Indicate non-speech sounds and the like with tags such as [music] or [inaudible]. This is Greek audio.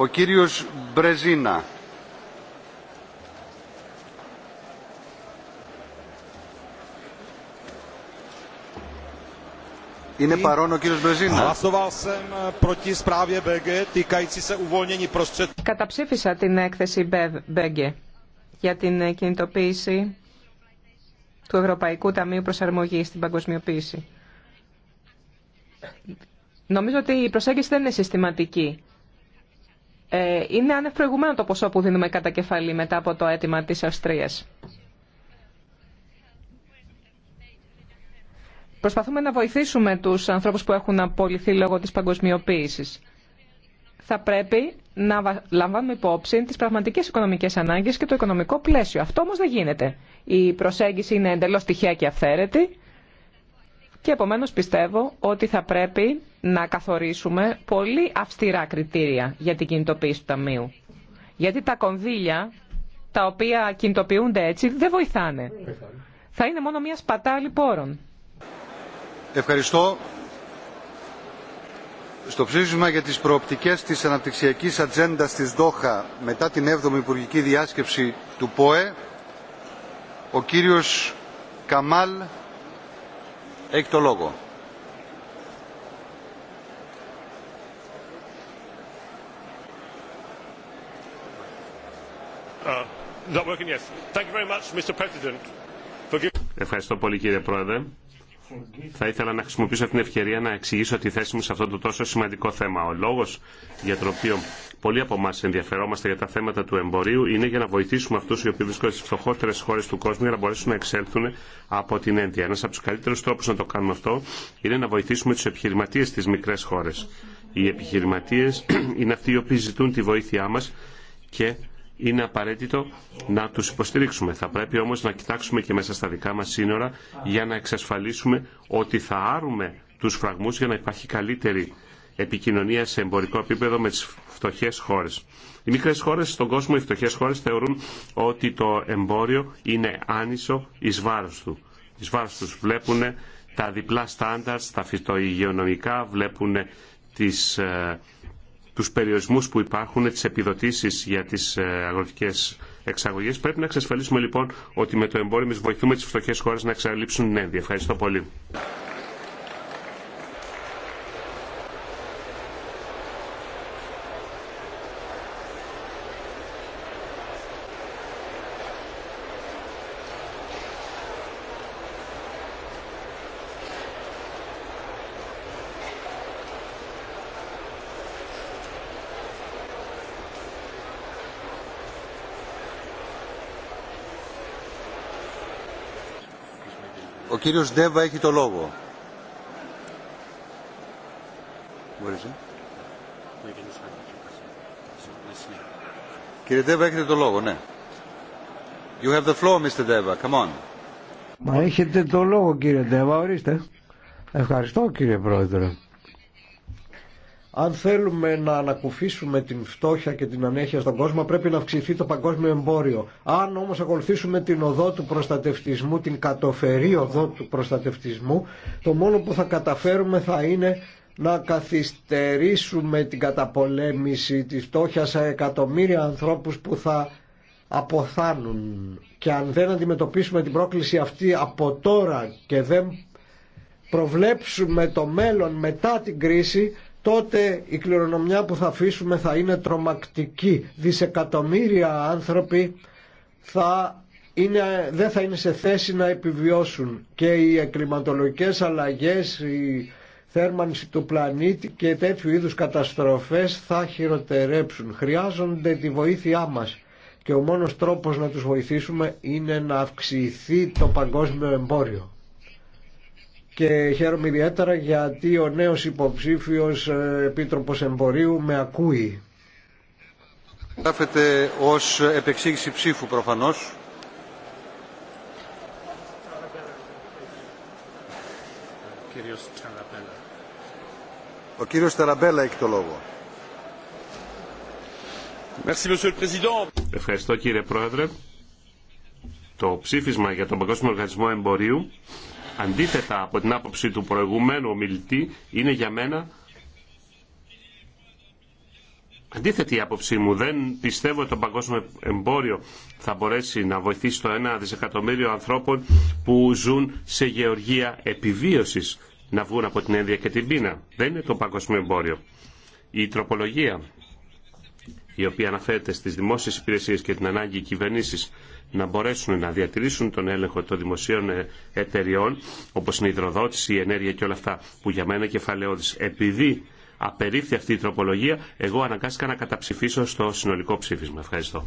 ο κύριος Μπρεζίνα. Είναι παρόν ο κύριος Μπρεζίνα. Eh, Καταψήφισα την έκθεση Μπέγκε για την eh, κινητοποίηση του Ευρωπαϊκού Ταμείου Προσαρμογής στην παγκοσμιοποίηση. Νομίζω ότι η προσέγγιση δεν είναι συστηματική ε, είναι άνευ το ποσό που δίνουμε κατά κεφαλή μετά από το αίτημα της Αυστρίας. Προσπαθούμε να βοηθήσουμε τους ανθρώπους που έχουν απολυθεί λόγω της παγκοσμιοποίησης. Θα πρέπει να λαμβάνουμε υπόψη τις πραγματικές οικονομικές ανάγκες και το οικονομικό πλαίσιο. Αυτό όμως δεν γίνεται. Η προσέγγιση είναι εντελώς τυχαία και αυθαίρετη και επομένως πιστεύω ότι θα πρέπει να καθορίσουμε πολύ αυστηρά κριτήρια για την κινητοποίηση του Ταμείου. Γιατί τα κονδύλια τα οποία κινητοποιούνται έτσι δεν βοηθάνε. Θα είναι μόνο μια σπατάλη πόρων. Ευχαριστώ. Στο ψήφισμα για τις προοπτικές της αναπτυξιακής ατζέντα της Δόχα μετά την 7η Υπουργική Διάσκεψη του ΠΟΕ, ο κύριος Καμάλ έχει το λόγο. Uh, Ευχαριστώ πολύ κύριε Πρόεδρε. Θα ήθελα να χρησιμοποιήσω την ευκαιρία να εξηγήσω τη θέση μου σε αυτό το τόσο σημαντικό θέμα. Ο λόγος για τον οποίο Πολλοί από εμά ενδιαφερόμαστε για τα θέματα του εμπορίου είναι για να βοηθήσουμε αυτού οι οποίοι βρίσκονται στι φτωχότερε χώρε του κόσμου για να μπορέσουν να εξέλθουν από την ένδια. Ένα από του καλύτερου τρόπου να το κάνουμε αυτό είναι να βοηθήσουμε του επιχειρηματίε στι μικρέ χώρε. Οι επιχειρηματίε [clears throat] είναι αυτοί οι οποίοι ζητούν τη βοήθειά μα και είναι απαραίτητο να του υποστηρίξουμε. Θα πρέπει όμω να κοιτάξουμε και μέσα στα δικά μα σύνορα για να εξασφαλίσουμε ότι θα άρουμε του φραγμού για να υπάρχει καλύτερη επικοινωνία σε εμπορικό επίπεδο με τι φτωχέ χώρε. Οι μικρέ χώρε στον κόσμο, οι φτωχέ χώρε θεωρούν ότι το εμπόριο είναι άνισο ει βάρο του. Εις βάρος βλέπουν τα διπλά στάνταρτ, τα φυτοϊγειονομικά, βλέπουν τις, ε, τους περιορισμούς που υπάρχουν, τις επιδοτήσεις για τις ε, αγροτικές εξαγωγές. Πρέπει να εξασφαλίσουμε λοιπόν ότι με το εμπόριο εμείς βοηθούμε τις φτωχές χώρες να εξαλείψουν ναι. Ευχαριστώ πολύ. Ο κύριος Ντέβα έχει το λόγο. Ε? Κύριε Ντέβα, έχετε το λόγο, ναι. You have the floor, Mr. Deva. Come on. Μα έχετε το λόγο, κύριε Ντέβα, ορίστε. Ευχαριστώ, κύριε Πρόεδρε. Αν θέλουμε να ανακουφίσουμε την φτώχεια και την ανέχεια στον κόσμο πρέπει να αυξηθεί το παγκόσμιο εμπόριο. Αν όμω ακολουθήσουμε την οδό του προστατευτισμού, την κατοφερή οδό του προστατευτισμού, το μόνο που θα καταφέρουμε θα είναι να καθυστερήσουμε την καταπολέμηση της φτώχεια σε εκατομμύρια ανθρώπους που θα αποθάνουν. Και αν δεν αντιμετωπίσουμε την πρόκληση αυτή από τώρα και δεν προβλέψουμε το μέλλον μετά την κρίση τότε η κληρονομιά που θα αφήσουμε θα είναι τρομακτική. Δισεκατομμύρια άνθρωποι θα είναι, δεν θα είναι σε θέση να επιβιώσουν και οι εκκληματολογικές αλλαγές, η θέρμανση του πλανήτη και τέτοιου είδους καταστροφές θα χειροτερέψουν. Χρειάζονται τη βοήθειά μας και ο μόνος τρόπος να τους βοηθήσουμε είναι να αυξηθεί το παγκόσμιο εμπόριο και χαίρομαι ιδιαίτερα γιατί ο νέος υποψήφιος ε, Επίτροπος Εμπορίου με ακούει. Γράφεται ως επεξήγηση ψήφου προφανώς. Ο κύριος έχει το Ευχαριστώ κύριε Πρόεδρε. Το ψήφισμα για τον Παγκόσμιο Οργανισμό Εμπορίου αντίθετα από την άποψη του προηγουμένου ομιλητή είναι για μένα αντίθετη η άποψή μου. Δεν πιστεύω ότι το παγκόσμιο εμπόριο θα μπορέσει να βοηθήσει το ένα δισεκατομμύριο ανθρώπων που ζουν σε γεωργία επιβίωσης να βγουν από την ένδια και την πείνα. Δεν είναι το παγκόσμιο εμπόριο. Η τροπολογία η οποία αναφέρεται στις δημόσιες υπηρεσίες και την ανάγκη οι να μπορέσουν να διατηρήσουν τον έλεγχο των δημοσίων ε, εταιριών, όπως είναι η υδροδότηση, η ενέργεια και όλα αυτά, που για μένα κεφαλαιώδης. Επειδή απερίφθη αυτή η τροπολογία, εγώ αναγκάστηκα να καταψηφίσω στο συνολικό ψήφισμα. Ευχαριστώ.